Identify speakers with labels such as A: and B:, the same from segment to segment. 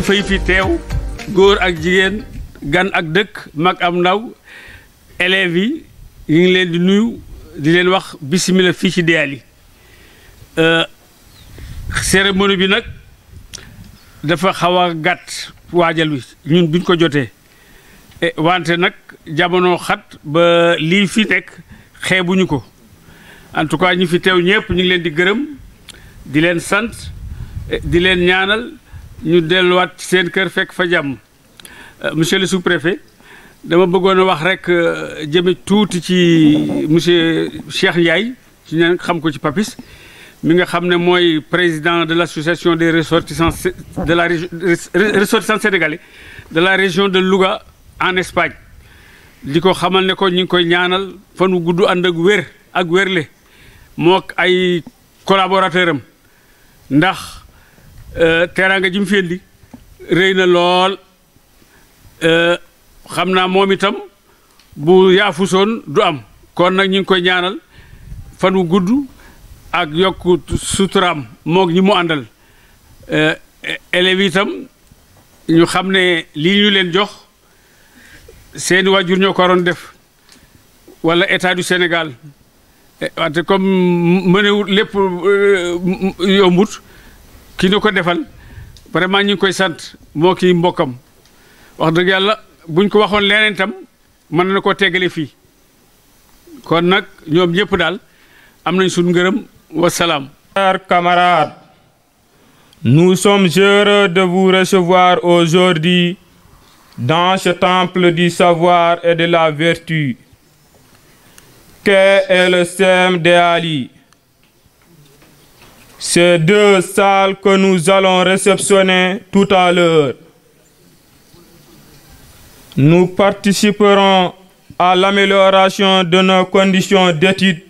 A: kilifa fi teew góor ak jigéen gan ak dëkk mag am ndaw élèves yi ñu ngi leen di nuyu di leen wax bisimila fii ci Déaly euh, cérémonie bi nag dafa xaw a gàtt waajal wi ñun buñ ko jotee e, wante nag jamono xat ba lii fi nekk xeebuñu ko en tout cas ñu fi teew ñëpp ñu ngi leen di gërëm di leen sant di leen ñaanal ñu delluwaat seen kër fekk fa jàmm euh, monsieur le sous-préfet dama bëggoon a wax rek euh, jëme tuuti ci monsieur Cheikh Ndiaye ci ñen xam ko ci papis mi nga xam ne mooy président de l'association des ressortissants de la ressortissants sénégalais de la région de Louga en Espagne di ko xamal ne ko ñu ngi koy ñaanal fan wu gudd ànd ak wér ak wérle moo ay collaborateur am ndax Euh, teraanga ji mu fi indi rëy na lool euh, xam naa moom itam bu yaafusoon du am kon nag ñu ngi koy ñaanal fan gudd ak yokk suturaam mook ñi mu àndal euh, élèves itam ñu xam ne lii ñu leen jox seeni waajur ñoo ko def walla état du Sénégal wante comme mënewut lépp yombut ki ñu ko defal vraiment ñu ngi koy sant moo kii mbokkam wax dëgg yàlla buñ ko waxoon leneen tam mën na ko tegale fii kon nag ñoom ñëpp daal
B: am nañ suñu ngërëm wasalaam. chers camarades, nous sommes heureux de vous recevoir aujourd'hui dans ce temple du savoir et de la vertu. Qu'est le sème des Ali ces deux salles que nous allons réceptionner tout à l'heure. Nous participerons à l'amélioration de nos conditions d'études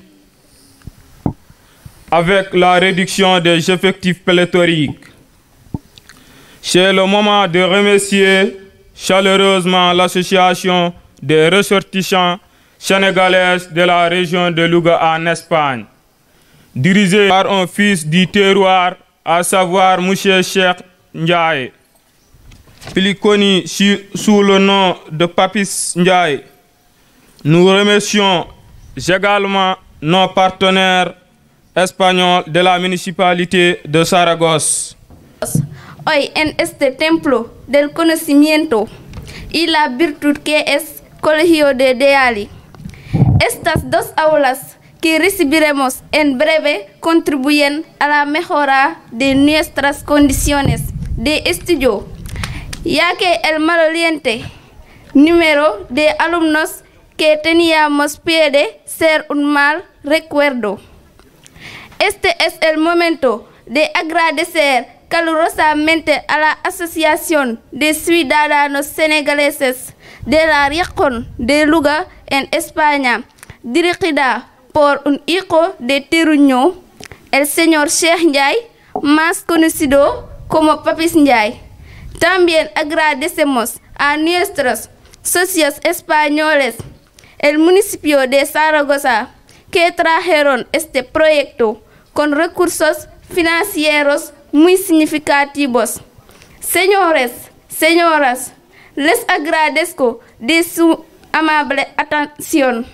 B: avec la réduction des effectifs pléthoriques. C'est le moment de remercier chaleureusement l'association des ressortissants sénégalais de la région de Luga en Espagne dirigé par un fils du terroir, à savoir M. Cheikh Ndiaye, plus connu sous le nom de Papis Ndiaye. Nous remercions également nos partenaires espagnols de la municipalité de Saragosse.
C: Hoy en este templo del conocimiento y la virtud que es colegio de Deali. Estas dos aulas que recibiremos en breve contribuyen a la mejora de nuestras condiciones de estudio, ya que el maloliente número de alumnos que teníamos puede ser un mal recuerdo. Este es el momento de agradecer calurosamente a la Asociación de Ciudadanos Senegaleses de la región de Luga en España, dirigida por un hijo de Tiruño, el señor Sheikh Ndiaye, más conocido como Papis Ndiaye. También agradecemos a nuestros socios españoles, el municipio de Zaragoza, que trajeron este proyecto con recursos financieros muy significativos. Señores, señoras, les agradezco de su amable atención.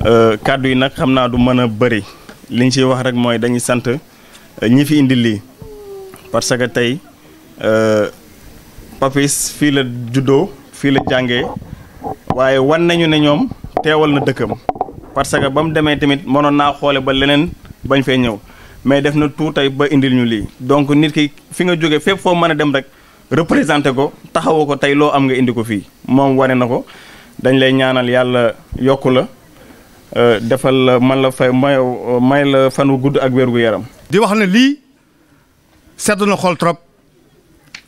D: Euh, kàddu yi nag xam naa du mën a bëri li ñu ciy wax rek mooy dañuy sant euh, ñi fi indi lii parce que tey euh, Papis fii la juddoo fii la jàngee waaye wan nañu ne ñoom teewal na dëkkam parce que ba mu demee tamit mënoon naa xoole ba leneen bañ fee ñëw mais def na tout tey ba indil ñu lii donc nit ki fi nga jóge fépp foo mën a dem rek représenté ko taxawoo ko tey loo am nga indi ko fii moom wane na ko dañ lay ñaanal yàlla yokk la Euh, defal la man la fay may
E: may la fan gudd ak wér yaram. di wax ne lii sedd na xol trop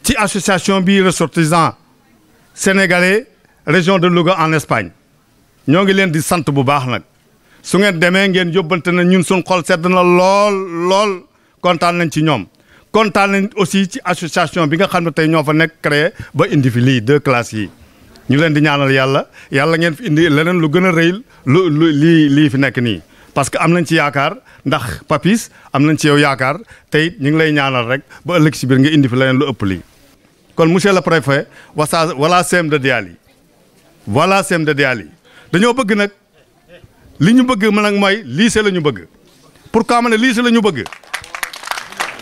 E: ci association bi ressortissants sénégalais région de Louga en Espagne ñoo ngi leen di sant bu baax nag su ngeen demee ngeen yóbbante na ñun suñ xol sedd na lool lool kontaan nañ ci ñoom. kontaan nañ aussi ci association bi nga xam ne tey ñoo fa nekk créé ba indi fi lii deux classes yi. ñu leen di ñaanal yàlla yàlla ngeen fi indi leneen lu gën a rëy lu lii lii fi nekk nii parce que am nañ ci yaakaar ndax papis am nañ ci yow yaakaar tey ñu ngi lay ñaanal rek ba ëllëg si biir nga indi fi leneen lu ëpp lii kon monsieur le préfet wasa voilà CEM de Dialy voilà CEM de Dialy dañoo bëgg nag li ñu bëgg mën nag mooy lycée la ñu bëgg pourquoi ma ne lycée la ñu bëgg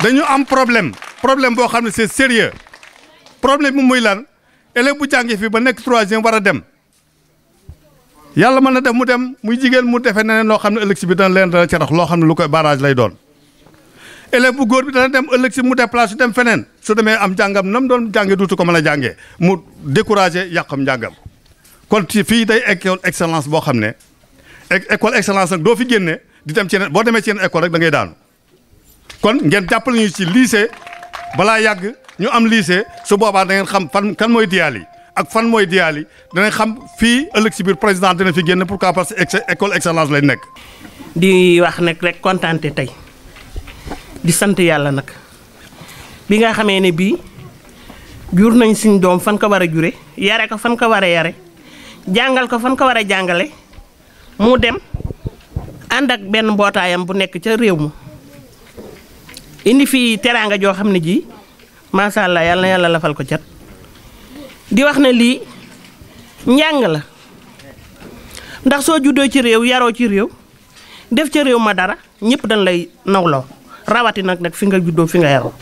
E: dañu am problème problème boo xam ne c'est sérieux problème bi muy lan élève bu jàngee fii ba nekk troisième war a dem yàlla mën na def mu dem muy jigéen mu defee neneen loo xam ne ëllëg si bi dana leen dana ca loo xam ne lu koy barrage lay doon élève bu góor bi dana dem ëllëg si mu déplacé su dem feneen su demee am jàngam nam doon jànge duutu ko mën a jàngee mu découragé yàqam njàngam kon ci fii day école excellence boo xam ne école excellence nag doo fi génnee di dem ci yeneen boo demee ci yeneen école rek da ngay daanu kon ngeen jàppale ñu ci lycée balaa yàgg ñu am lycée su boobaa da ngeen xam fan kan mooy diali ak fan mooy da ngeen xam
F: fii ëllëg si biir président dina fi génn pourquoi parce que école excellence lay nekk. di wax nag rek contenté tey di sant yàlla nag bi nga xamee ne bii jur nañ suñ doom fan ko war a jure yare ko fan ko war a yare jàngal ko fan ko war a jàngale mu dem ànd ak benn mbootaayam bu nekk ca réew mu indi fii teranga joo xam ne macha allah yalla na yàlla lafal ko ciat di wax ne li njàng la ndax so juddo ci rew yaro ci rew def ci rew ma dara ñepp dañ lay nawlo rawati nak nak fi nga juddo fi nga yaro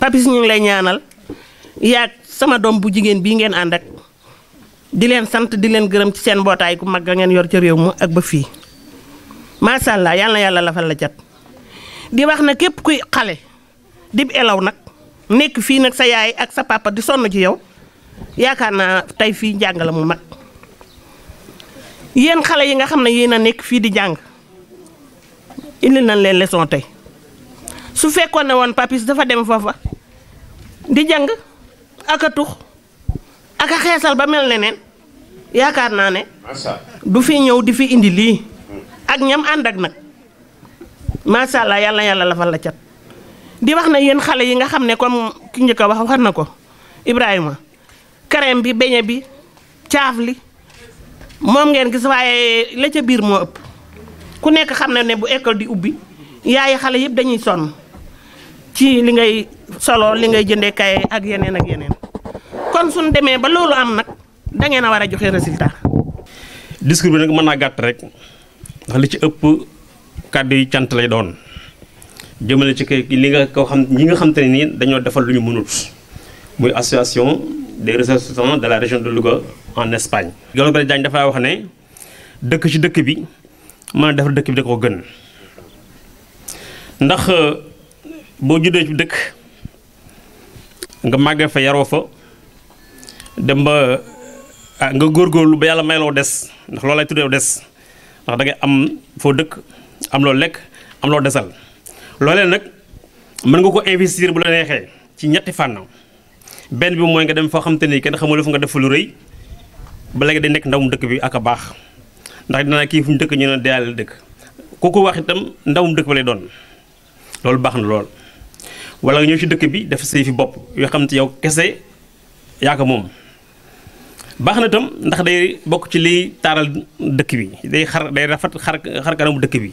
F: papis ñu lay ñaanal sama dom bu jigen bi ngeen andak di len sante di len gërem ci seen botay ku mag ngeen yor ci rew mu ak ba fii macha allah yalla na yàlla lafal la ciat di wax na kep kuy xalé dib elaw nak Nik finak nak sa yaay ak sa papa di sonu ci yow yakarna tay fi jangala mu mat yeen xalé yi nga xamne yeena nek fi di jang indi nan len leçon tay su fekkone won papis dafa dem fofa di jang akatu ak xéssal ba mel nenen yakarna ne du fi ñew di fi indi li ak ñam ànd ak ma sha allah yalla la la di wax na yéen xale yi nga xam ne comme ki njëkk a wax wax na ko Ibrahima crème bi beñe bi caaf li moom ngeen gis waaye la ca biir moo ëpp ku nekk xam na ne bu école di ubbi yaay xale yëpp dañuy sonn ci li ngay solo li ngay jëndee kaye ak yeneen ak yeneen kon suñ demee ba loolu am nag da ngeen a war a joxe résultat.
D: discours bi nag mën naa gàtt rek ndax li ci ëpp kàddu yi cant lay doon. jëmale ci kay li nga ko xam ñi nga xam te ne nii dañoo defal lu ñu mënut muy association des ressortissants de la région de Louga en Espagne. Gallo Bari Diagne dafa wax ne dëkk ci dëkk bi mën a defar dëkk bi da ko gën ndax euh, boo juddoo ci dëkk nga màggee fa yaroo fa dem ba ah, nga góor góor lu ba yàlla may loo des ndax loolay tuddee des ndax da ngay am foo dëkk am loo lekk am loo desal. loolee nag mën nga ko investir bu la neexee ci ñetti fànna benn bi mooy nga dem foo xam te ni kenn xamul fu nga def lu rëy ba léegi day nekk ndawum dëkk bi ak a baax ndax dinaa kii fu mu dëkk ñu ne daal la dëkk kooku wax itam ndawum dëkk ba lay doon loolu baax na lool. wala nga ñëw ci dëkk bi def say fi bopp yoo xam te yow kese yaa ko moom baax na itam ndax day bokk ci liy taaral dëkk bi day xar day rafet xar xar kanamu dëkk bi.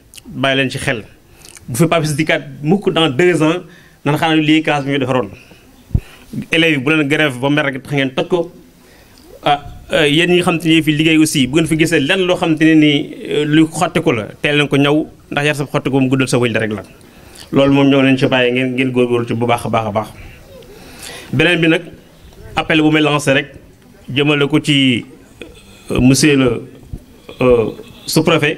D: bay len ci xel bu fi dans deux ans nan xana li kaas mi defaron bu une grève ba mer tax ngeen ah euh, yeen ñi xam tane fi aussi bu ngeen fi pouvez lo xam tane ne euh, lu la len ko ñaw ndax yar sa mu guddal sa wëñ rek la lool mom ñoo len ci pas ngeen ngeen ci bu baax baax bi nak appel bu rek euh, le sous-préfet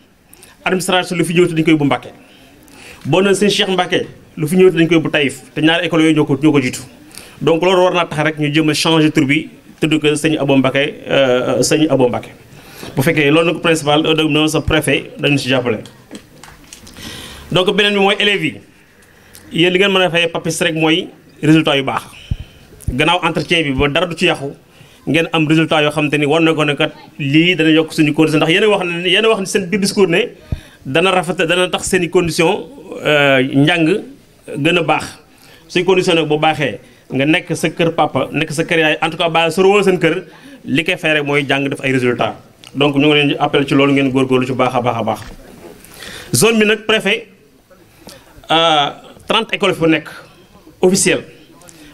D: administration lu fi ñëwati dañ koy bu mbacké boo noonu seen Cheikh mbacké lu fi ñëwati dañ koy bu Taïf té ñaar école yooyu ñoko ñoko jitu donc lolu war na tax rek ñu jëm changer tur bi tudd ko sëñ Abo Mbàkke euh, sëñ Abo Mbàkke bu fekkee lolu nak principal euh noonu sa préfet dañ ci jappalé donc beneen bi moy élève yi yéen li ngeen mëna fay papis rek moy résultat yu baax gannaaw entretien bi ba dara du ci yàqu ngeen am résultat yoo xam ni war na ko ne kat lii dana yokk suñu condition ndax yéen wax ne yéen wax ne seen biir discours ne dana rafet dana tax seen i condition euh, njàng gën a baax suñu condition nag bu baaxee nga nekk sa kër papa nekk sa kër yaay en tout cas ba sorowoo seen kër li koy feere mooy jàng def ay résultat donc ñu ngi leen appel ci loolu ngeen góorgóorlu ci baax a baax a baax zone bi nag préfet 30 euh, écoles fu nekk officielles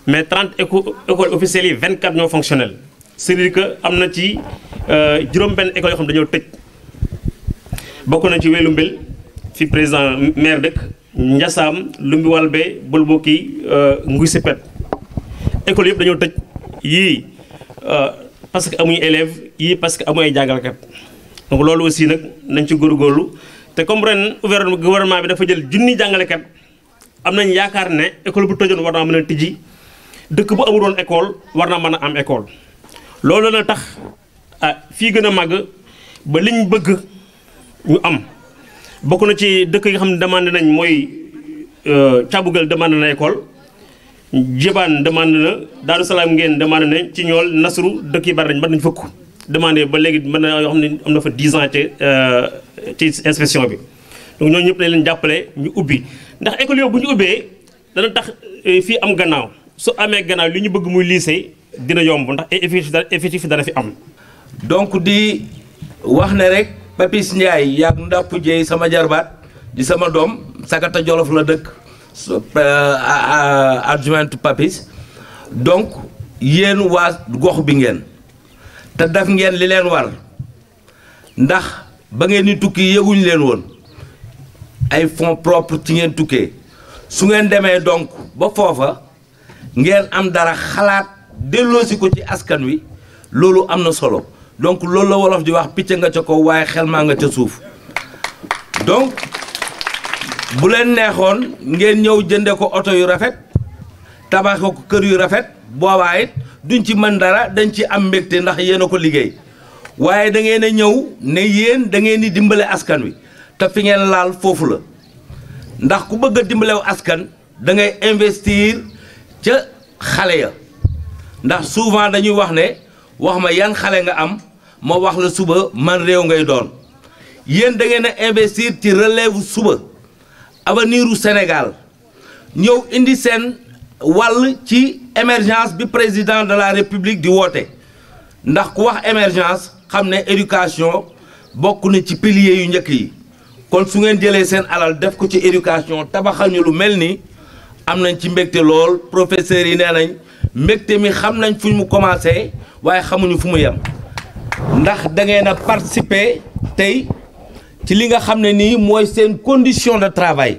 D: mais 30 écoles officielles yi 24 ñoo fonctionnelles c'est-à-dire que am na ci euh, juróom-benn école yoo xam dañoo tëj bokk na ci welu mbel fi président maire dëkk Ndiassam Lumbi Walbe Bolboki euh, Nguy Sipet école yëpp dañoo tëj yii euh, parce que amuñu élèves yii parce que amuñu ay jàngalekat donc loolu aussi nag nañ ci góor góorlu te comme ren gouvernement bi dafa jël junni jàngalekat am nañ yaakaar ne école bu tëjoon war naa mën a tijji dëkk bu amul woon école war naa mën a am école. loolu la tax ah fii gën a màgg ba li ñu bëgg ñu am bokk na ci dëkk yi xam ne demande nañ mooy euh, Caabugal demande na école Jébaan demandé na Daaru Salaam ngeen demandé na ci ñool nasuru dëkk yi bari nañ mën nañ fukk demande ba léegi mën na yoo xam ne am na fa 10 ans ci euh, ci inspection bi donc ñooñu ñëpp dañ leen jàppale ñu ubbi ndax école yooyu bu ñu ubbee dana tax euh, fii am gannaaw su amee gannaaw li ñu bëgg muy lycée dina yomb ndax e effectif dana fi am. donc di wax ne
G: rek Papis Ndiaye yàgg ndàpp jeey sama jarbaat di sama doom Sakata Jolof la dëkk euh, adjoint Papis donc yéen waa gox bi ngeen te def ngeen li leen war ndax ba ngeen di tukki yëguñu leen woon ay fonds propres ci ngeen tukkee su ngeen demee donc ba foofa ngeen am dara xalaat. delloosi ko ci askan wi lolu lolo solo donc lolu la wolof di wax picc nga ci ko waaye xel nga ci souf donc bu len neexoon ngeen ñew jënde ko auto yu rafet tabax ko keur yu rafet boba it duñ ci man dara dañ ci am mbekté ndax yeen ko liggéey waaye da ngeen ñew ne yeen da ngeen di dimbale askan wi ta fi ngeen laal fofu la ndax ku bëgg dimbalé askan da ngay investir ci xalé ya ndax souvent dañuy wax ne wax ma yan xale nga am ma wax la suba man réew ngay doon yéen da ngeen a investir ci relève suba avenir u Sénégal ñëw indi seen wàll ci émergence bi président de la république di woote ndax ku wax émergence xam ne éducation bokk na ci pilier yu njëkk yi kon su ngeen jëlee seen alal def ko ci éducation tabaxal lu mel ni am nañ ci mbégte lool professeurs yi nee nañ mbégte mi xam nañ fu mu commencé waaye xamuñu fu mu yem ndax da participer tey ci li nga xam moi c'est une condition de travail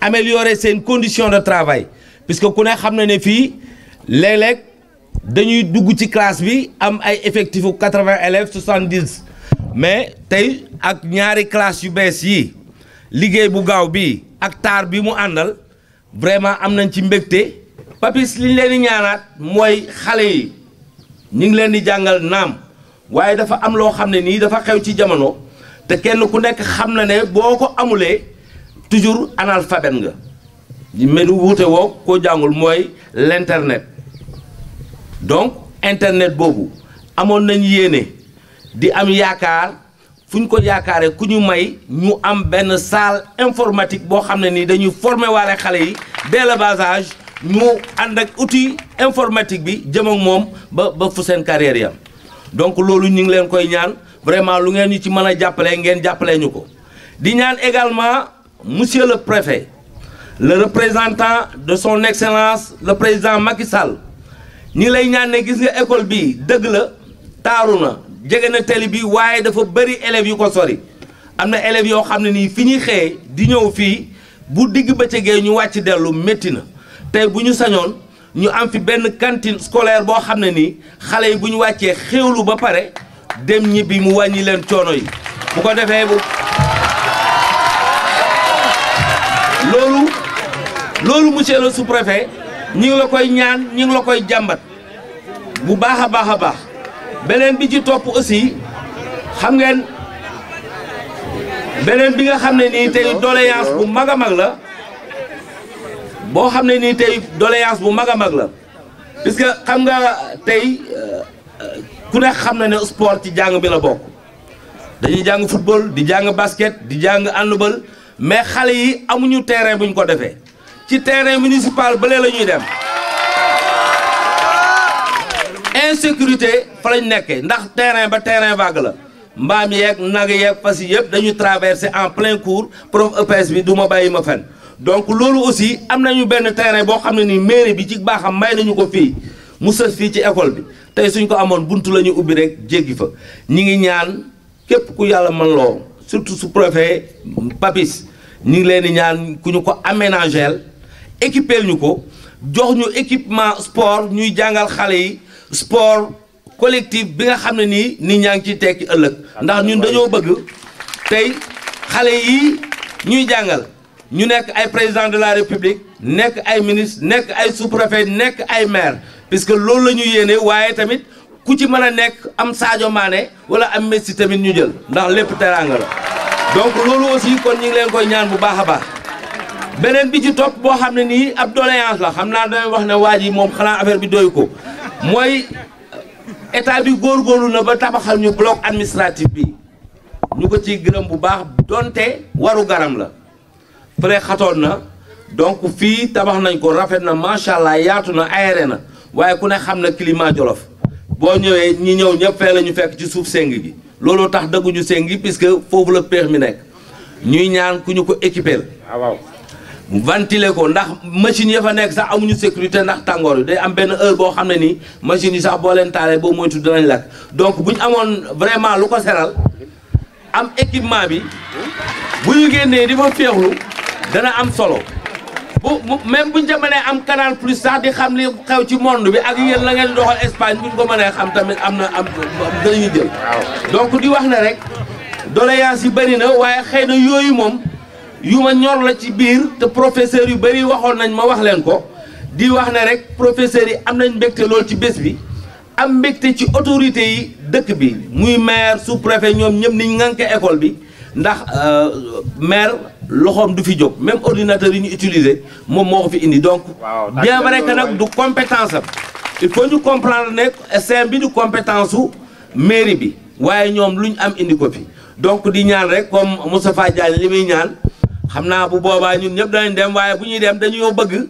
G: améliorer c'est une condition de travail puisque ku ne xam na les les, léeg-léeg dañuy dugg classe bi am ay effectif 80 élèves 70 mais tey ak ñaari classe yu bees yi liggéey bu gaaw bi ak bi mu vraiment am nañ papis li leen di ñaanaat mooy xale yi ñu ngi leen di jàngal naam waaye dafa am loo xam ne nii dafa xew ci jamono te kenn ku nekk xam na ne boo ko amulee toujours analphabet nga mel wuute woo koo jàngul mooy l'internet donc internet boobu amoon nañ yéene di am yaakaar fu ñu ko yaakaaree ku ñu may ñu am benn salle informatique boo xam ne nii dañuy former waale xale yi dès le bas ñu ànd ak outil informatique bi jëm moom ba ba fu seen carrière yam donc loolu ñu ngi leen koy ñaan vraiment lu ngeen ñu ci mën a jàppale ngeen jàppale ko di ñaan également monsieur le préfet le représentant de son excellence le président Macky Sall ñi lay ñaan ne gis nga école bi dëgg la taaru na jege na tali bi waaye dafa bëri élèves yu ko sori am na élèves yoo xam ne nii fi ñuy xëyee di ñëw fii bu digg bëccëgee ñu wàcc dellu métti na tey bu ñu sañoon ñu am fi benn cantine scolaire boo xam ne nii xale yi bu ñu wàccee xéewlu ba pare dem ñibbi mu wàññi leen coono yi bu ko defee bu loolu loolu monsieur le sous-préfet ñi ngi la koy ñaan ñi ngi la koy jàmbat bu baax a baax a baax beneen bi ci topp aussi xam ngeen beneen bi nga xam ne nii tey doléance bu mag a mag la boo xam ne nii tey doléance bu mag a mag la puisque xam nga tey euh, ku nekk xam na ne sport ci jàng bi la bokk dañuy jàng football di jàng basket di jàng handball mais xale yi amuñu terrain buñ ko defee ci terrain municipal bële la ñuy dem insécurité fa lañ nekkee ndax terrain ba terrain vague la mbaam yeeg nag yeeg fas yi yëpp dañu traversé en plein cours prof EPS bi du ma bàyyi ma fen donc loolu aussi am nañu benn terrain boo xam ne ni mairie bi ci baaxam may nañu ko fii mu sës fii ci école bi tey suñ ko amoon buntu la ñu ubbi rek jéggi fa ñi ngi ñaan képp ku yàlla man loo surtout su préfet Papis ñi ngi leen di ñaan ku ñu ko aménageel équipeel ñu ko jox ñu équipement sport ñuy jàngal xale yi sport collectif bi nga xam ne nii nit ñaa ngi ciy tekki ëllëg ndax ñun dañoo bëgg tey xale yi ñuy jàngal Nous sommes ay président de la république nek ay ministre ay sous-préfet nek ay maire puisque loolu que ñu yéene waaye tamit ku ci mën a nekk am Sadio Mané wala am Messi tamit ñu jël ndax donc loolu aussi kon ñu leen koy ñaan bu baax a baax bi ci topp boo xam ne la wax affaire bi ko état bi bloc administratif bi ñu ko fële xatoon na donc fii tabax nañ ko rafet na macha allah yaatu na aéré na waaye ku ne xam na climat Jolof boo ñëwee ñi ñëw ñëpp fee la ñu fekk ci suuf seng gi looloo tax dëgguñu seng gi puisque foofu la péex mi nekk ñuy ñaan ku ñu ko équiper la. Ah, waaw ventiler ko ndax machine ya fa nekk sax amuñu sécurité ndax tàngoor yi day am benn heure boo xam ne nii machine yi sax boo leen taalee boo moytu dinañ lakk donc bu ñu amoon vraiment lu ko seral am équipement bi bu ñu génnee di dana am solo bu même buñ ca mënee am canal plus sax di xam li xew ci monde bi ak yeen la ngeen doxal Espagne buñ ko mënee xam tamit amna am dañuy jël. donc di wax ne rek doléance yi bari na waye xeyna yoyu mom moom yu ma ñor la ci biir te professeur yu bari waxon nañ ma wax leen ko di wax ne rek professeur yi am nañ mbekté lol ci bés bi. am mbekté ci autorité yi dëkk bi muy maire sous préfet ñoom ñëpp niñ ngànke école bi ndax euh, maire. loxoom du fi même ordinateur yi ñu utiliser moom moo fi indi donc. bien vrai que nag du compétence il faut ñu comprendre ne SCM bi du compétence mairie bi waye ñom luñ am indi ko fi donc di ñaan rek comme Moustapha Diagne li ñaan xamna bu boba ñun ñep danañ dem waye bu ñuy dem dañoo bëgg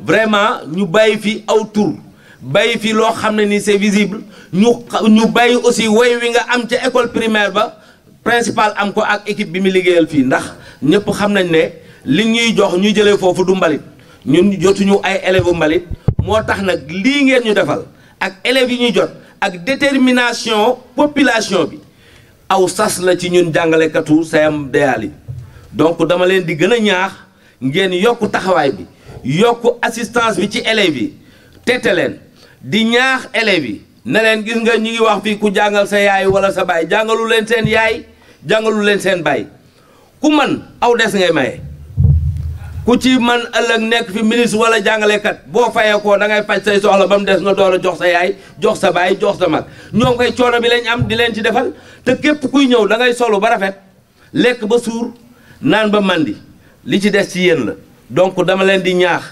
G: vraiment ñu bàyyi fi aw tur bàyyi fi lo xam ni c'est visible ñu ñu bàyyi aussi way wi nga am ci école primaire ba principal am ko ak équipe bi mi ligéyal fi ndax. ñëpp xam nañ ne li ñuy jox ñu jëlee foofu du mbalit ñun jotuñu ay élèves mbalit moo tax nag lii ngeen ñu defal ak élèves yi ñuy jot ak détermination population bi aw sas la ci ñun jàngalekatu CMDA yi donc dama leen di gën a ñaax ngeen yokk taxawaay bi yokk assistance bi ci élèves yi tete leen di ñaax élèves yi ne leen gis nga ñu ngi wax fii ku jàngal sa yaay wala sa baay jàngalu leen seen yaay jàngalu leen seen baay ku man aw dess ngay maye ku ci man ëllëg nek fi ministre wala bo fayé ko da ngay fajj say soxla bam dess des nga doora a jox sa yaay jox sa baay jox sa mag ñom koy choono bi lañ am di leen ci defal te képp kuy ñëw da ngay solo ba rafet nan ba sour naan ba mandi li ci dess ci yeen la donc dama leen di ñaax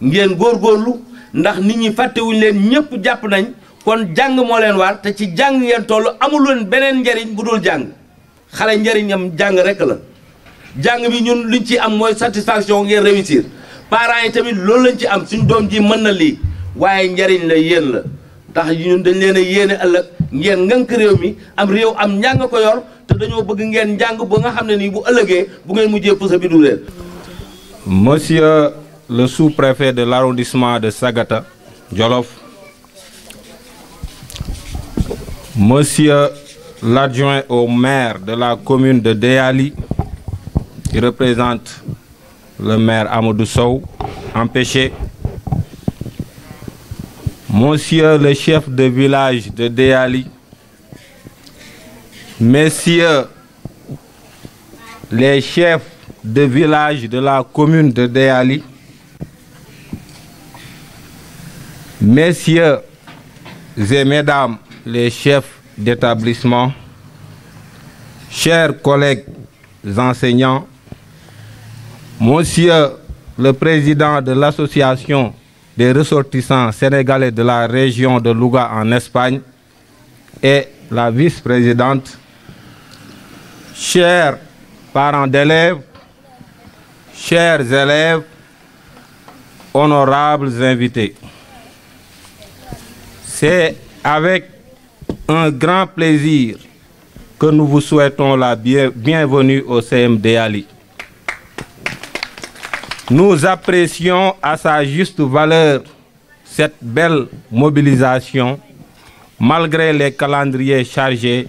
G: ngeen góorgóorlu ndax nit ñi wuñ leen ñepp japp nañ kon jang mo leen war te ci jang ngeen tollu amul won benen ndariñ budul jang xalé ndariñam jang rek la jàng bi ñun luñ ci am mooy satisfaction ngeen réussir parents yi tamit loolu lañ ci am suñ doom ji mën na lii waaye njariñ la yéen la tax ñun dañ leen a yéene ëllëg ngeen ngënk réew mi am réew am njàng ko yor te dañoo bëgg ngeen njàng ba nga xam ne nii bu ëllëgee bu ngeen mujjee pusa bi du leen
H: monsieur le sous de l'arrondissement de Sagata Jolof monsieur l'adjoint au maire de la commune de Déali Je représente le maire Amadou Sow, empêché. Monsieur le chef de village de Déali, Messieurs les chefs de village de la commune de Déali, Messieurs et Mesdames les chefs d'établissement, chers collègues enseignants Monsieur le président de l'association des ressortissants sénégalais de la région de Louga en Espagne et la vice-présidente, chers parents d'élèves, chers élèves, honorables invités, c'est avec un grand plaisir que nous vous souhaitons la bienvenue au CMD Ali. Nous apprécions à sa juste valeur cette belle mobilisation malgré les calendriers chargés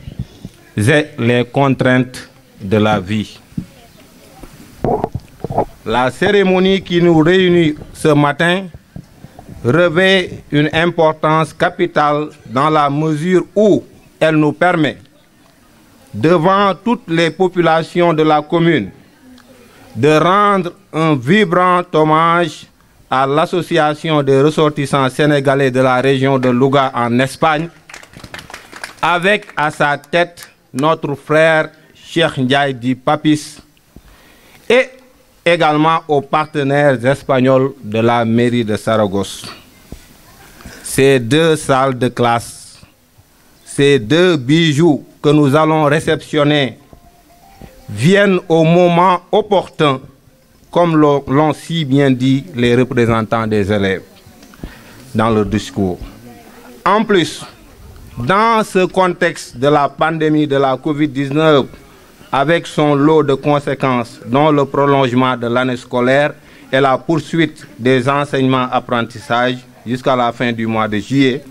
H: et les contraintes de la vie. La cérémonie qui nous réunit ce matin revêt une importance capitale dans la mesure où elle nous permet, devant toutes les populations de la commune, de rendre un vibrant hommage à l'association des ressortissants sénégalais de la région de Louga en Espagne, avec à sa tête notre frère Cheikh Ndiaye Di Papis et également aux partenaires espagnols de la mairie de Saragosse. Ces deux salles de classe, ces deux bijoux que nous allons réceptionner viennent au moment opportun, comme l'ont si bien dit les représentants des élèves dans leur discours. En plus, dans ce contexte de la pandémie de la COVID-19, avec son lot de conséquences, dont le prolongement de l'année scolaire et la poursuite des enseignements-apprentissages jusqu'à la fin du mois de juillet,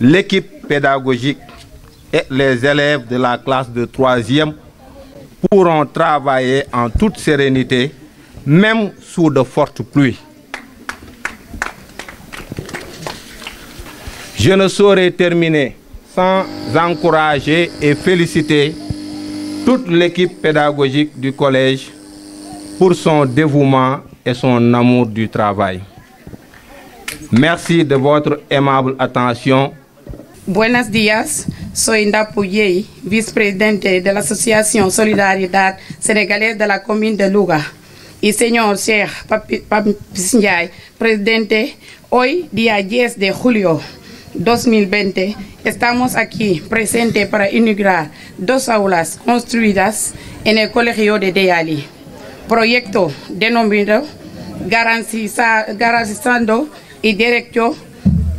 H: l'équipe pédagogique et les élèves de la classe de 3e pourront travailler en toute sérénité, même sous de fortes pluies. Je ne saurais terminer sans encourager et féliciter toute l'équipe pédagogique du collège pour son dévouement et son amour du travail. Merci de votre aimable attention.
I: Buenos días. Soy Ndapuye, vicepresidente de la Asociación Solidaridad Senegalés de la comín de Luga. Y señor presidente, hoy día 10 de julio 2020, estamos aquí presentes para inaugurar dos aulas construidas en el Colegio de Deali. Proyecto denominado Garantizando y Directo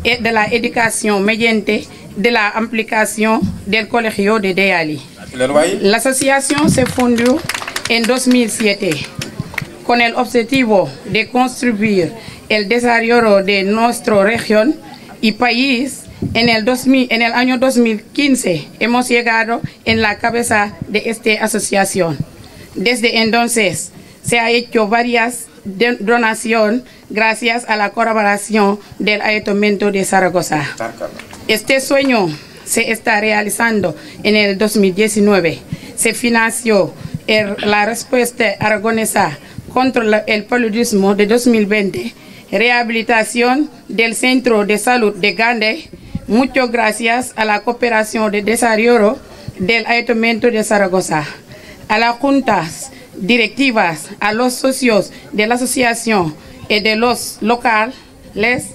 I: eh, de la educación mediante de la aplicación del colegio de Deali. La asociación se fundó en 2007 con el objetivo de construir el desarrollo de nuestra región y país. En el, 2000, en el año 2015 hemos llegado en la cabeza de esta asociación. Desde entonces se ha hecho varias donaciones gracias a la colaboración del Ayuntamiento de Zaragoza. Este sueño se está realizando en el 2019. Se financió la respuesta aragonesa contra el paludismo de 2020, rehabilitación del centro de salud de Gande, muchas gracias a la cooperación de desarrollo del Ayuntamiento de Zaragoza, a las juntas directivas, a los socios de la asociación y de los locales,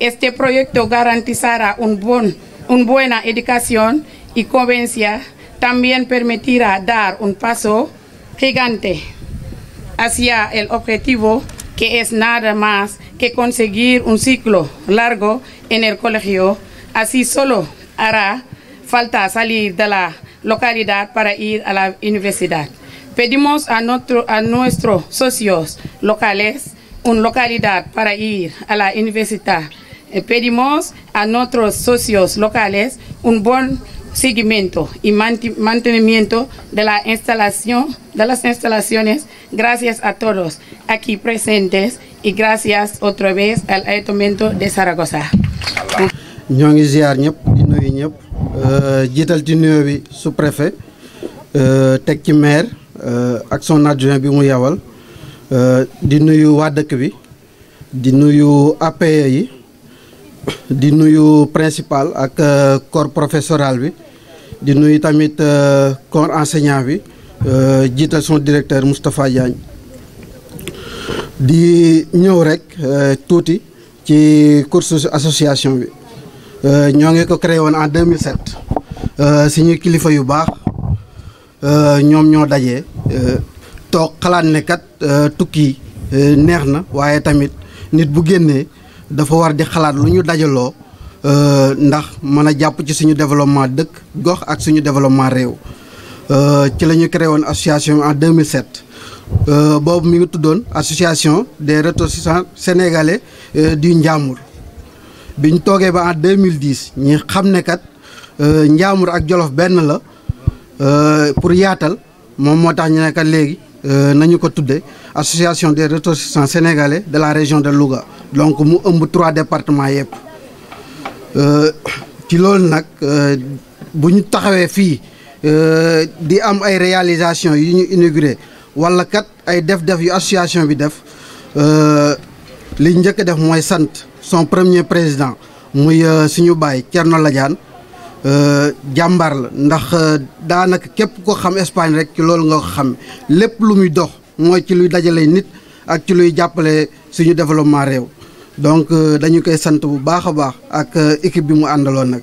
I: este proyecto garantizará una buena educación y convencia también permitirá dar un paso gigante hacia el objetivo que es nada más que conseguir un ciclo largo en el colegio. Así solo hará falta salir de la localidad para ir a la universidad. Pedimos a nuestros socios locales una localidad para ir a la universidad. Eh, pedimos a nuestros socios locales un buen seguimiento y mantenimiento de la instalación de las instalaciones. Gracias a todos aquí presentes y gracias otra vez al Ayuntamiento de Zaragoza.
J: ñoo ngi ziar di nuyu euh, bi sous euh, euh, son Euh, di nuyu wa dekk bi di nuyu APE yi di nuyu principal ak euh, corps professoral bi di nuyu tamit euh, corps enseignant bi jiital son directeur Moustapha Diagne di ñew rek touti ci cursus association bi ñoo ngi ko créé won en 2007 suñu kilifa yu baax ñom ñoo dajee toog xalaat ne kat Euh, tukki euh, neex na waaye tamit nit bu génnee dafa war di xalaat lu ñu dajaloo euh, ndax mën a jàpp ci suñu développement dëkk gox ak suñu développement réew ci la ñu créé woon association en 2007 boobu mi tuddoon association de des ressortissants sénégalais du Njàmbur biñ toogee ba en 2010 ñi xam ne kat Njàmbur ak Jolof benn la pour yaatal moom moo tax ñu ne léegi Euh, nañu ko association des ressortissants sénégalais de la région de Louga donc mu ëmb trois départements Euh, ci loolu nag euh, buñu taxawé fi euh di am ay réalisation yu ñu inauguré wala kat ay def-def yu association bi def euh, li ñëk def moy sant son premier président muy suñu baay Kerno Ladiane Euh, jàmbaar la ndax euh, daanaka képp ko xam Espagne rek ci loolu nga ko xam lépp lu muy dox mooy ci luy dajale nit ak ci luy jàppale suñu développement réew donc euh, dañu koy sant bu baax a baax ak équipe bi mu àndaloon nag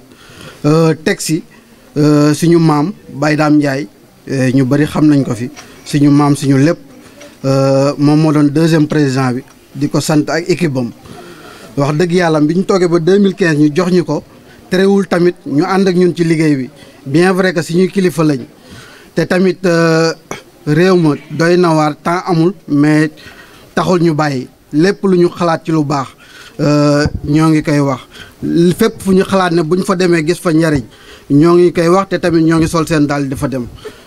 J: teg si suñu maam bay daam Ndiaye ñu bari xam nañ ko fi suñu maam suñu lépp moom moo doon deuxième président bi di ko sant ak équipe bam wax dëgg yàlla bi ñu toogee ba 2015 ñu jox ñu ko terewul tamit ñu ànd ak ñun ci liggéey bi bien vrai que suñuy kilifa lañ te tamit euh, réew ma doy na waar temps amul mais taxul ñu bàyyi lépp lu ñu xalaat ci lu baax euh, ñoo ngi koy wax fépp fu ñu xalaat ne bu ñu fa demee gis fa njariñ ñoo ngi koy wax te tamit ñoo ngi sol seen daal di fa dem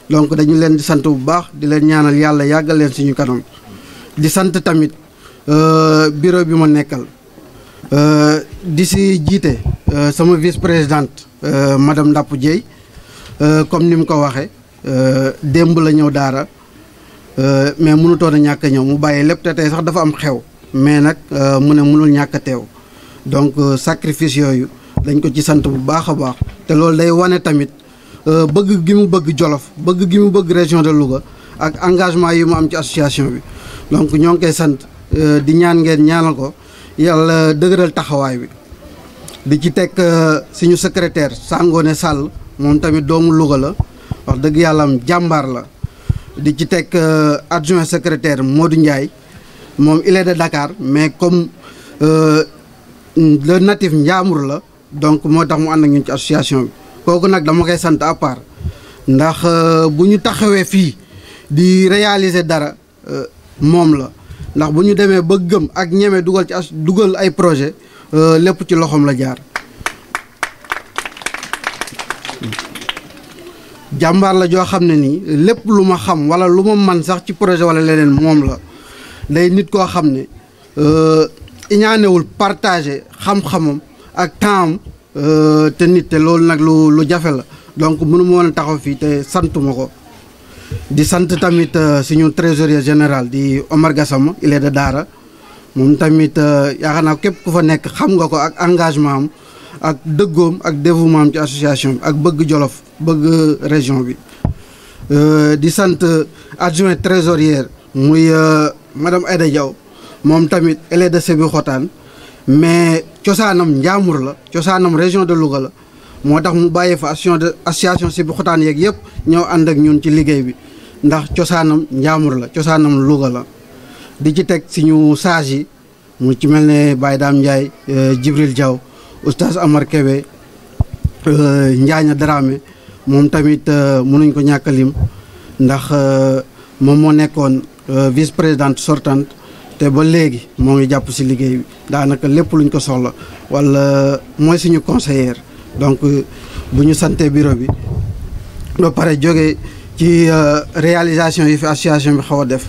J: donc dañu leen di sant bu baax di leen ñaanal yàlla yàggal leen suñu kanam di sant tamit euh, bureau bi ma nekkal di si jiite Euh, sama vice présidente euh, madame Ndapp Dieye euh, comme ni mu ko waxee démb la ñëw daara mais mënutoon a ñàkk ñëw mu bàyyi lépp te tey sax dafa am xew mais nag mu ne mënul ñàkk a teew donc sacrifice yooyu dañ ko ci sant bu baax a baax te loolu day wane tamit bëgg gi mu bëgg Jolof bëgg gi mu bëgg région de Louga ak engagement yi mu am ci association bi donc ñoo ngi koy sant di ñaan ngeen ñaanal ko yàlla dëgëral taxawaay bi di ci teg euh, suñu secrétaire Sangoné Sall moom tamit doomu Louga la wax dëgg yàlla jàmbaar la di ci teg euh, adjoint moo Modou Ndiaye moom il de dakaar mais comme euh, le natif Ndiambour la donc moo tax mu ànd ak ñun ci association bi kooku nag dama koy sant à part ndax bu ñu taxawee fii di réaliser dara moom la ndax bu ñu demee ba gëm ak ñeme dugal ci as dugal ay projet Euh, lépp ci loxoom la jaar jàmbaar la joo xam ne nii lépp lu ma xam wala lu ma man sax ci projet walla leneen moom la day nit koo xam ne euh, iñaanewul partagé xam-xamam ak temps euh, te nit te loolu nag lu lu jafe la donc mënuma ma woon taxaw fii te santuma ko di sant tamit suñu trésorier général di omargasam Gassama il est Daara moom tamit euh, yaakaar naa képp ku fa nekk xam nga ko ak engagement ak dëggoom ak dévouement am ci association bi ak bëgg Jolof bëgg région bi euh, di sant adjoint trésorière muy euh, madame Aïda Diaw moom tamit elle est de Sébikotane mais cosaanam Njaamur la cosaanam région de Louga la moo tax mu bàyyee fa association de association Sébikotane yeeg yëpp ñëw ànd ak ñun ci liggéey bi ndax cosaanam Njaamur la cosaanam Louga la di ci teg suñu saas yi mu ci mel ne Baye Dame Ndiaye euh, Djibril Diaw oustaz Amar Kébé euh, Njaaña Dramé moom tamit euh, mënuñ ko ñàkkalim lim ndax moom moo nekkoon vice présidente sortante te ba léegi moo ngi jàpp si liggéey bi daanaka lépp luñ ko soxla wala mooy suñu conseillère donc bu ñu sante bureau bi ba pare jóge ci réalisation yi fi association bi xaw a def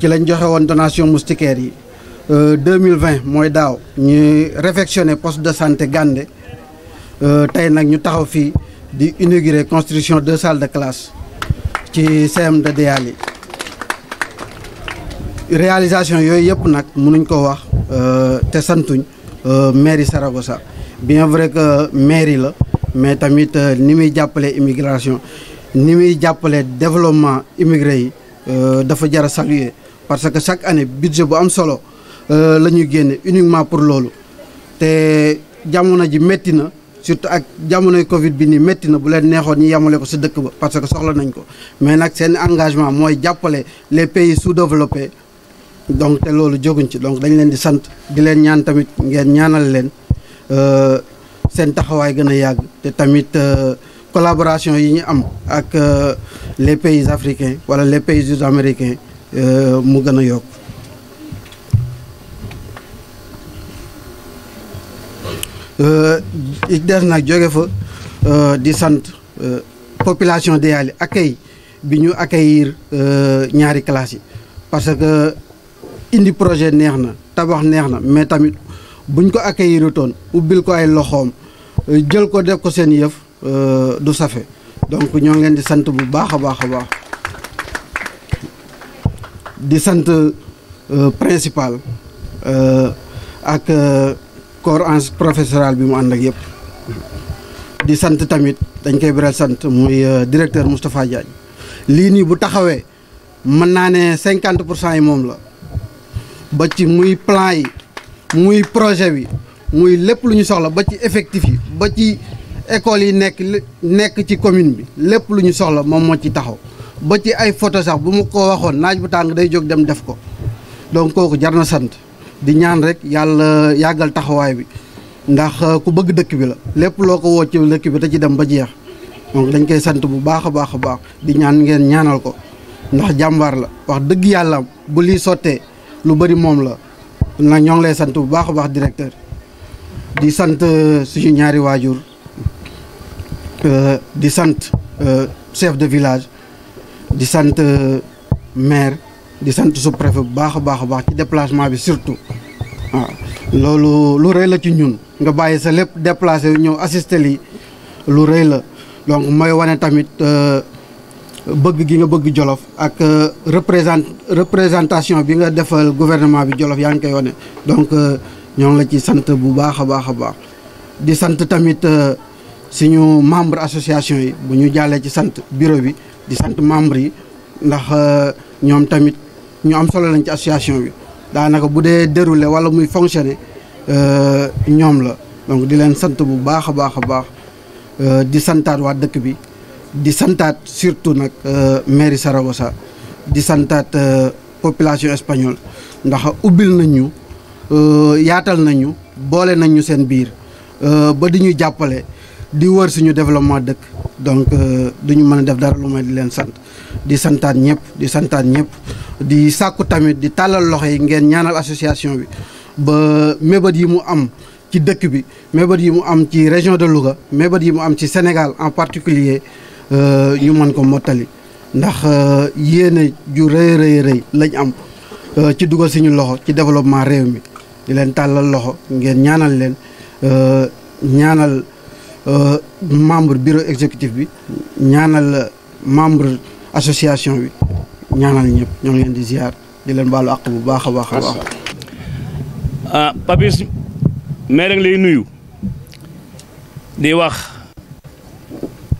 J: ci lañ donné woon donation moustiquaire yi 2020 euh, mooy daaw ñu réfectionné poste de santé Gandé euh, tey nag ñu taxaw fii di inaugurer construction deux salles de classe ci CM de Diyali réalisation yooyu yëpp nag mënuñ ko wax euh, te santuñ mairie Saragossa bien vrai que mairie la mais tamit ni muy jàppale immigration ni muy jàppale développement immigré yi dafa saluer parce que chaque année budget bu am solo euh, la ñuy uniquement pour lolu te jamono ji metti na surtout ak jamono Covid bi ni metti na bu len neexoon ñi yemale ko ci dëkk ba parce que soxla nañ ko mais nak sen engagement moy jappalé les pays sous-développés donc té lolu jóguñ ci donc dañ leen di sante di leen ñaan tamit ngeen ñaanal leen euh sen taxaway a yag té tamit euh, collaboration yi ñi am ak euh, les pays africains wala les pays sud-américains Euh, mu gën a yokk euh, ICDES nag jóge fa euh, di sant population de Yaali bi ñu accueillir ñaari classes yi parce que indi projet neex na tabax neex na mais tamit buñ ko accueillir toon ubbil ko ay loxoom jël ko def ko seen yëf du safe donc ñoo ngi leen di sant bu baax a baax a baax di sant euh, principal euh, ak euh, corps en professoral bi mu ànd ak
K: yëpp
J: di sant tamit dañ koy beral sant muy directeur Moustapha Diagne lii nii bu taxawee mën naa ne cinquante pour cent yi moom la ba ci muy plan yi muy projet bi muy lépp lu ñu soxla ba ci effectif yi ba ci écoles yi nekk nekk ci commune bi lépp lu ñu soxla moom moo ci taxaw ba ci ay photo sax bu mu ko waxoon naaj bu tàng day jóg dem def ko donc kooku jar na sant di ñaan rek yàlla yàggal taxawaay bi ndax euh, ku bëgg dëkk bi la lépp loo ko woo ci dëkk bi da ci dem ba jeex donc dañ koy sant bu baax a baax a baax di ñaan ngeen ñaanal ko ndax jàmbaar la wax dëgg yàlla bu lii sottee lu bëri moom la nag ñoo ngi lay sant bu baax a baax directeur di sant euh, suñu ñaari waajur euh, di sant chef de village di sant euh, maire di sant sous-préfet bu baax a baax a baax ci déplacement bi surtout waaw loolu lu rëy la ci ñun nga bàyyi sa lépp déplacé ñëw assister lii lu rëy la donc mooy wane tamit euh, bëgg gi nga bëgg Jolof ak euh, représent représentation bi nga defal gouvernement bi Jolof yaa ngi koy wane donc ñoo ngi la ci sant bu baax a baax a baax di sant tamit suñu membre association yi bu ñu jàllee ci sant bureau bi di sant membre yi ndax euh, ñoom tamit ñu am solo lañ ci association bi daanaka bu dee déroulé wala muy fonctionner euh, ñoom la donc di leen sant bu baax a baax a baax euh, di santaat waa dëkk bi di santaat surtout nag mairie Saragossa di santaat population espagnole ndax ubbil nañu yaatal nañu boole nañu seen biir ba di ñu jàppale di wër suñu développement dëkk donc euh, duñu mën a def dara lu may di leen sant di santaan ñëpp di santaan ñëpp di sàkku tamit di tàllal loxo yi ngeen ñaanal association bi ba mébét yi mu am ci dëkk bi mébét yi mu am ci région de Louga mébét yi mu am ci Sénégal en particulier euh, ñu mën ko mottali ndax euh, yéene ju rëy rëy rëy lañ am ci dugal suñu loxo ci développement réew mi di leen tàllal loxo ngeen ñaanal leen ñaanal Euh, membre bureau exécutif bi ñaanal euh, membre association bi ñaanal ñep ñoo ngi leen di ziar di leen balu ak bu baaxa baaxa baax
L: ah papis mère ngi lay nuyu di wax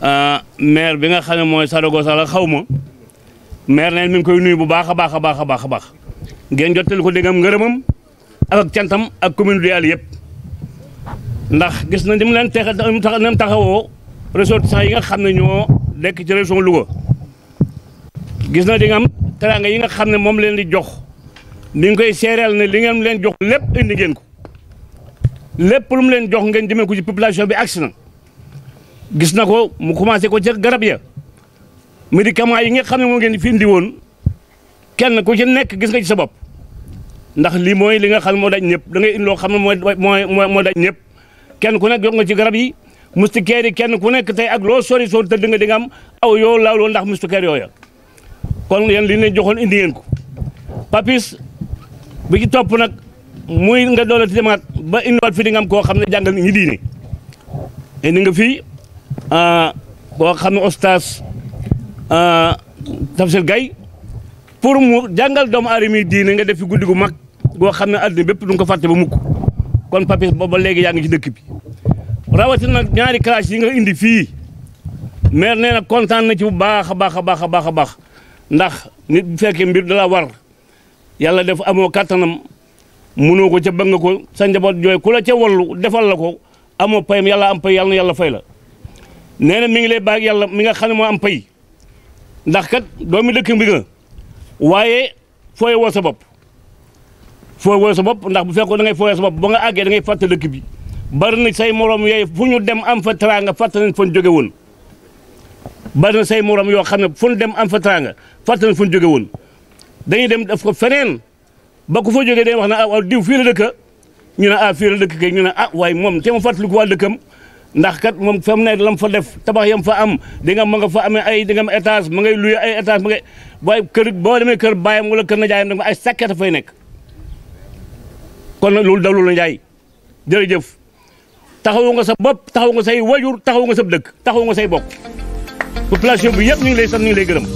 L: ah, mère bi nga xamne moy mooy Sala xaw neen mi ngi koy nuyu bu baaxa baaxa baaxa a baax ngeen jotel ko déggam ngërëmam ak ak cantam ak communauté yalla yàlla ndax gis na ni mu leen teexa ni mu taxawoo ressortissants yi nga xam ne ñoo lekk ci région Louga gis na di nga am teraanga yi nga xam ne moom leen di jox ni nga koy seereel ne li ngeen leen jox lépp indi ngeen ko lépp lu mu leen jox ngeen jëmee ko ci population bi agsi na gis na ko mu commencé ko ca garab ya médicament yi nga xam ne moo ngeen fi indi woon kenn ku ci nekk gis nga ci sa bopp ndax lii mooy li nga xam ne moo daj ñëpp da ngay indi xam ne mooy mooy moo daj ñëpp ken ku nek yokk nga ci garab yi moustiquaire yi kenn ku nek tay ak lo sori so tëdd nga di nga aw yo lawlo ndax moustiquaire ya kon yeen li ne joxoon indi ngeen ko papis bi ci top nak muy nga doolati demaat ba indiwaat fi di nga am koo xam ne jàngal ñi diine indi nga ah bo xamne oustaz ostas ah, tafsir gay pour mu jangal dom arimi diine nga def fi guddigu mak go xamne xam bepp du ko fatte ba mukk kon Papis boobu ba léegi yaa ngi ci dëkk bi rawatina nag ñaari classe yi nga indi fii maire nee na kontaan na ci bu baax a baax a baax a baax a baax ndax nit bu fekkee mbir dala war yàlla def amoo kàttanam mënoo ko ca bëgg nga ko sa njaboot jooy ku ca wallu defal la ko amoo payam yàlla am pay yàlla na yàlla fay la nee na mi ngi lay bàyyi yàlla mi nga xam moo am pay ndax kat doomi dëkk bi nga waaye fooy woo sa bopp foowee sa bopp ndax bu fekkoon da ngay foowee sa bopp ba nga àggee da ngay fàtte bi bari na say morom yooyu fu ñu dem am fa teraanga fàtte nañ fa jóge woon bari na say morom yoo xam ne fu ñu dem am fa teraanga fàtte nañ fa jóge woon dañuy dem def ko feneen ba ku fa jógee day wax ne ah diw fii la dëkk ñu ne ah fii la dëkk kay ñu ne ah waaye moom te mu fàttaliku waa dëkkam ndax kat moom fa mu ne lam fa def tabax yam fa am di nga ma nga fa amee ay di nga am étage ma ngay luye ay étage ma ngay waaye kër boo demee kër bàyyam wala kër na jaayam nag ay sàkket a fay nekk kon nag loolu dawlu la Njaay jërëjëf taxawu nga sa bopp taxawu nga say wajur taxawu nga sa dëkk taxawu nga say bokk population bi yëpp ñu ngi lay sant ñu lay gërëm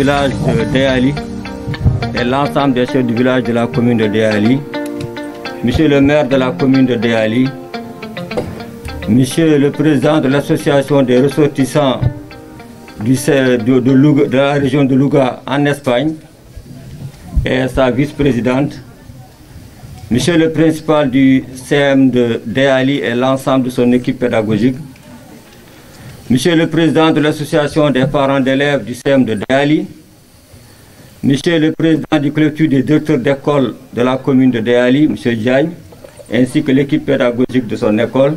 K: village de Déali et l'ensemble des chefs du village de la commune de Déali, Monsieur le maire de la commune de Déali, Monsieur le président de l'association des ressortissants du, de, de, la région de Luga en Espagne et sa vice-présidente, Monsieur le principal du CM de Dehali et l'ensemble de son équipe pédagogique, Monsieur le Président de l'Association des parents d'élèves du CEM de Dali, Monsieur le Président du club des directeurs d'école de la commune de Dali, Monsieur Diagne, ainsi que l'équipe pédagogique de son école,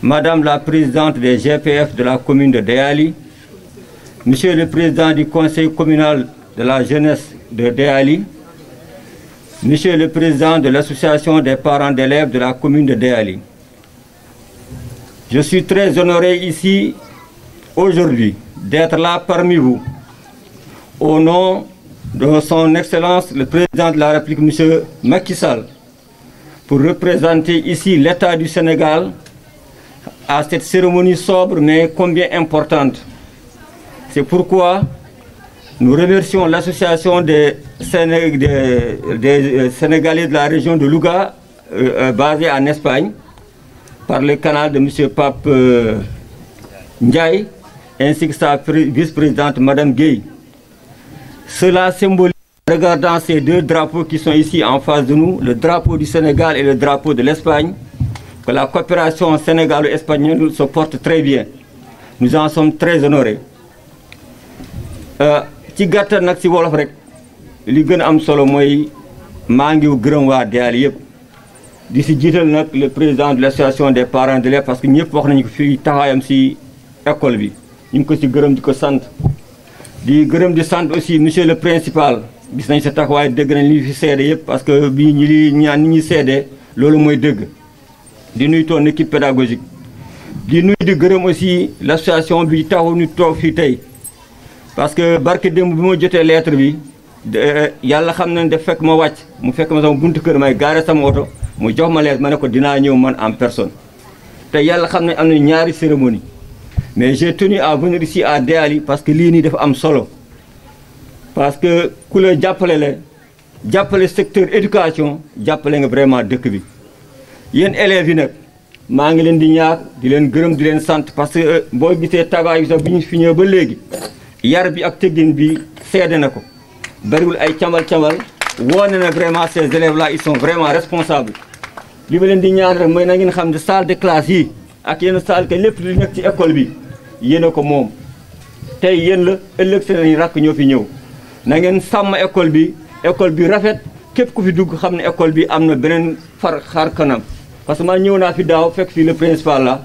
K: Madame la Présidente des GPF de la commune de Déali, Monsieur le Président du Conseil communal de la jeunesse de Déali, Monsieur le Président de l'Association des parents d'élèves de la commune de Déali, je suis très honoré ici aujourd'hui d'être là parmi vous au nom de son Excellence le Président de la République, M. Macky Sall, pour représenter ici l'État du Sénégal à cette cérémonie sobre mais combien importante. C'est pourquoi nous remercions l'association des, euh, Sénégalais de la région de Louga, euh, euh, basée en Espagne, par le canal de M. Pape euh, ainsi que sa vice-présidente Mme Gay, Cela symbolise, regardant ces deux drapeaux qui sont ici en face de nous, le drapeau du Sénégal et le drapeau de l'Espagne, que la coopération sénégalo-espagnole se porte très bien. Nous en sommes très honorés. Euh, di digital nak le président de l'association des parents d'élèves parce que ñepp wax nañ ko fi taxayam ci école bi ñu ko ci gërëm di ko di gërëm di sant aussi monsieur le principal gis nañ sa taxawaay deug nañ li fi sédé yépp parce que bi ñi li ñaan ñi ñuy seede loolu mooy dëgg di nuy ton équipe pédagogique di nuy di gërëm aussi l'association bi taxaw ñu toog fi tay parce que barké démb bi ma jotee lettre bi euh, yàlla xam nañ ne daf fekk ma wàcc mu fekk ma sama buntu kër may gaare sama auto mu jox ma lees ne ko dinaa ñëw man en personne te yàlla xam ne am na ñaari cérémonie mais j'ai tenu à venir ici à Déaly parce que lii nii dafa am solo parce que ku la jàppale la jàppale secteur éducation jàppale nga vraiment dëkk bi yéen élèves nag maa ngi leen di ñaar di leen gërëm di leen sant parce que euh, boo gisee tabaay bi sax bi ñu fi ñëw ba léegi yar bi ak teggin bi seede na ko bariwul ay camal-camal woo na ne vraiment ces élèves là ils sont vraiment ma leen di ñaan rek mooy na ngeen xam ne salle de classe yi ak yenn salle que lépp lu nekk ci école bi yéen a ko moom tey yéen la ëllëg seen nañ rakk ñoo fi ñëw na ngeen sàmm école bi école bi rafet képp ku fi dugg xam ne école bi am na beneen far xar kanam parce que man ñëw naa fi daaw fekk fi le principal la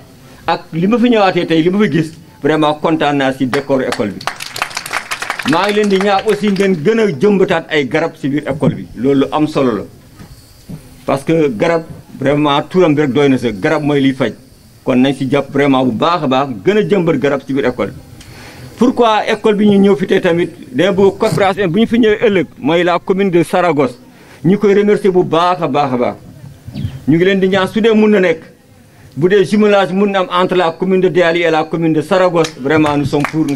K: ak li ma fi ñëwaatee tey li ma fi gis vraiment kontaan naa si décor école bi maa ngi leen di ñaax aussi ngeen gën a ay garab ci école bi loolu am solo la parce que garab vraiment turam bi rek doy na sa garab mooy liy faj kon nañ ci jàpp vraiment bu baax a baax gën a jëmbat garab ci biir école bi. pourquoi école bi ñu ñëw fi tey tamit dama bëgg coopération bu ñu fi ñëwee ëllëg mooy la commune de Saragosse ñu koy remercier bu baax a baax a baax ñu ngi leen di ñaan su dee mun na nekk. bu dee jumelage mun na am entre la commune de Déaly et la commune de Saragosse vraiment nous sommes pour nous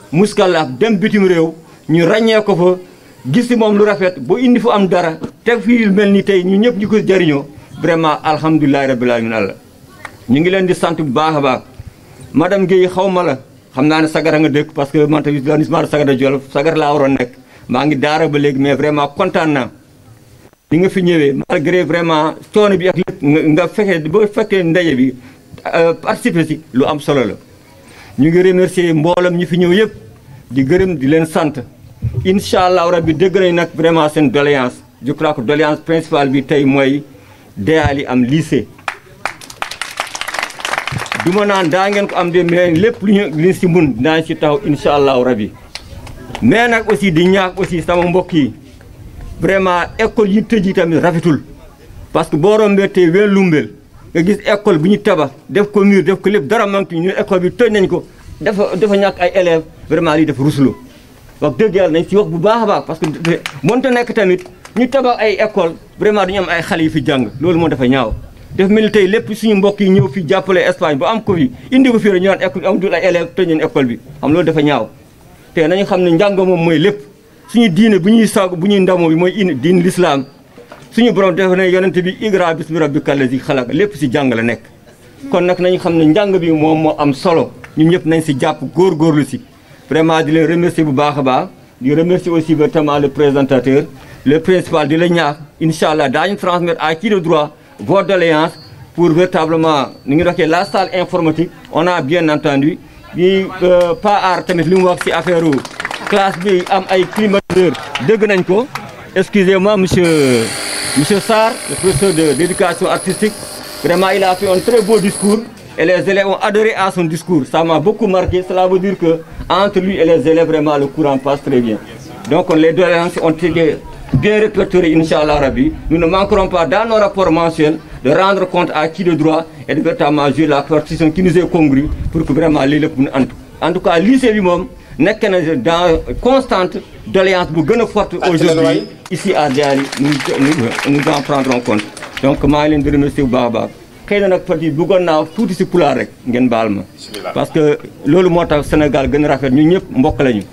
K: muskalaaf dem bitim réew ñu ràññee ko fa gis ci moom lu rafet ba indi fu am dara teg fii mel ni tey ñu ñëpp ñu ko jariñoo vraiment alhamdulilahi rabbil naa la ñu ngi leen di sant bu baax a baax madame Guèye xaw ma la xam naa ne sagara nga dëkk parce que man tamit arrondissement de Sagara Jolof sagara laa waroon nekk maa ngi daara ba léegi mais vraiment kontaan naa li nga fi ñëwee malgré vraiment coono bi ak lépp nga fexe ba fekkee ndeye bi euh, participer ci lu am solo la ñu ngi remercier mboolam ñu fi ñëw yëpp di gërëm di leen sant incha allah rabbi dégg nañ nag vraiment seen doléance je crois que doléance principale bi tey mooy deyaal yi am lycée du ma naan daa ngeen ko am de mais lépp lu ñu li si mun naa si taxaw incha allahu rabbi mais nag aussi di ñaax aussi sama mbokk yi vraiment école yi tëj yi tamit rafetul parce que boo rombee tey ween lumbel nga gis école bu ñu tabax def ko mur def ko lépp dara manqué ñu école bi toj nañ ko dafa dafa ñàkk ay élèves vraiment lii def ruslu wax dëgg yàlla nañ ci wax bu baax a baax parce que mënta nekk tamit ñu tabax ay école vraiment dañu am ay xale yu fi jàng loolu moo dafa ñaaw def mel ni tey lépp suñu mbokk yi ñëw fi jàppale Espagne ba am ko fi indi ko fii rek ñu naan école am dul ay élèves toj nañ école bi xam loolu dafa ñaaw te nañu xam ne njàng moom mooy lépp suñu diine bu ñuy saagu bu ñuy ndamoo bi mooy diine l'islam suñu borom def na yonent bi igra bismi rabbika allazi xalaq lépp si jàng la nekk kon nak nañu xam ne njàng bi mom mo am solo ñun ñep nañ gor gor lu ci vraiment di leen remercier bu baax ba di remercier aussi vraiment le présentateur le principal di la ñaax incha allah transmettre à qui de droit voix d'alliance pour véritablement ni ngi waxee la salle informatique on a bien entendu bi euh, Pa Aar tamit limu wax ci affaire classe bi am ay climatiseur deug nañ ko excusez-moi monsieur Monsieur Sarr, le professeur d'éducation artistique, vraiment il a fait un très beau discours et les élèves ont adoré à son discours. Ça m'a beaucoup marqué, cela veut dire que entre lui et les élèves, vraiment le courant passe très bien. Donc on, les doléances ont été bien répertoriées, Inch'Allah Rabbi. Nous ne manquerons pas dans nos rapports mensuels de rendre compte à qui de droit et de véritablement jouer la partition qui nous est congrue pour que vraiment l'élève nous entre. En tout cas, lycée lui-même, nekk na dans constante doléance bu gëna forte aujourd'hui ici à Diari nous nous en prendrons compte donc maa ngi leen di remercier bu baax a baax xëy na nag peut-être bëggoon naa rek ngeen baal ma parce que lolu motax Sénégal gëna a rafet ñu ñëpp mbokk lañu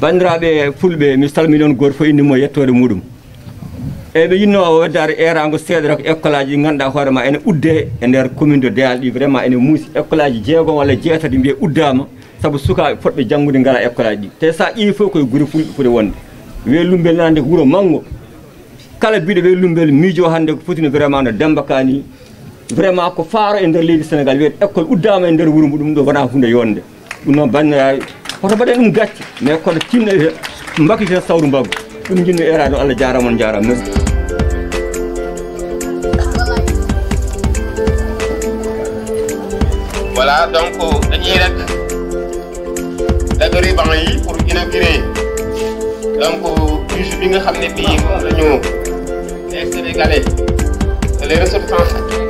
K: bandiraɓe fulɓe mi salminion goto fof innimo yettode muɗum eyyi eh ɓe yinno weddare erago seedere ko école aji ɗi ganduɗa ene udde e nder commune de deyal vraiment ene muusi école aji wala walla di mbiye uddama saabu sukaɓe fotɓe janngude ngala école aji ɗi te sa ƴeewi fof koye guure fulɓe foti wonde welumbel nande wuuro manggo kala biɗo welumbel miijo hande ko fotino vraiment no demba kani vraiment ko faaro e nder leydi sénégal wiyete école uddama e nder wuuro muɗum ɗo wona hunde yonde ɗum noon bandiraɓe hoto mbaɗen ɗum gacce mais kono tinno mbakkiten sawru mbaggu ɗum jinno erade allah jarama on jarama merci voilà
E: donc
H: dañuy rek dagariban yi pour inaugurer donc pour bi nga les sénégalais les ressortissants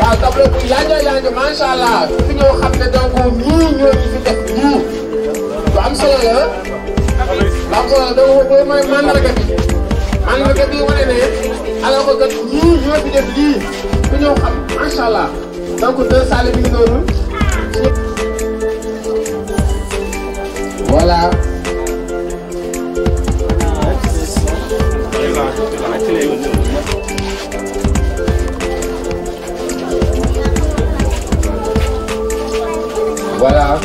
D: waaw tableau bu yaajo yaajo macha allah fi ñëw xam ne donc
J: ñii ñoo ñu fi def lii lu am solo la lu am solo la donc boobu mooy mandarga bi mandarga bi wane ne alors que kat ñii ñoo fi
E: def lii fi ñëw xam macha allah donc deux salles bi ngi noonu
J: voilà.
H: Voilà.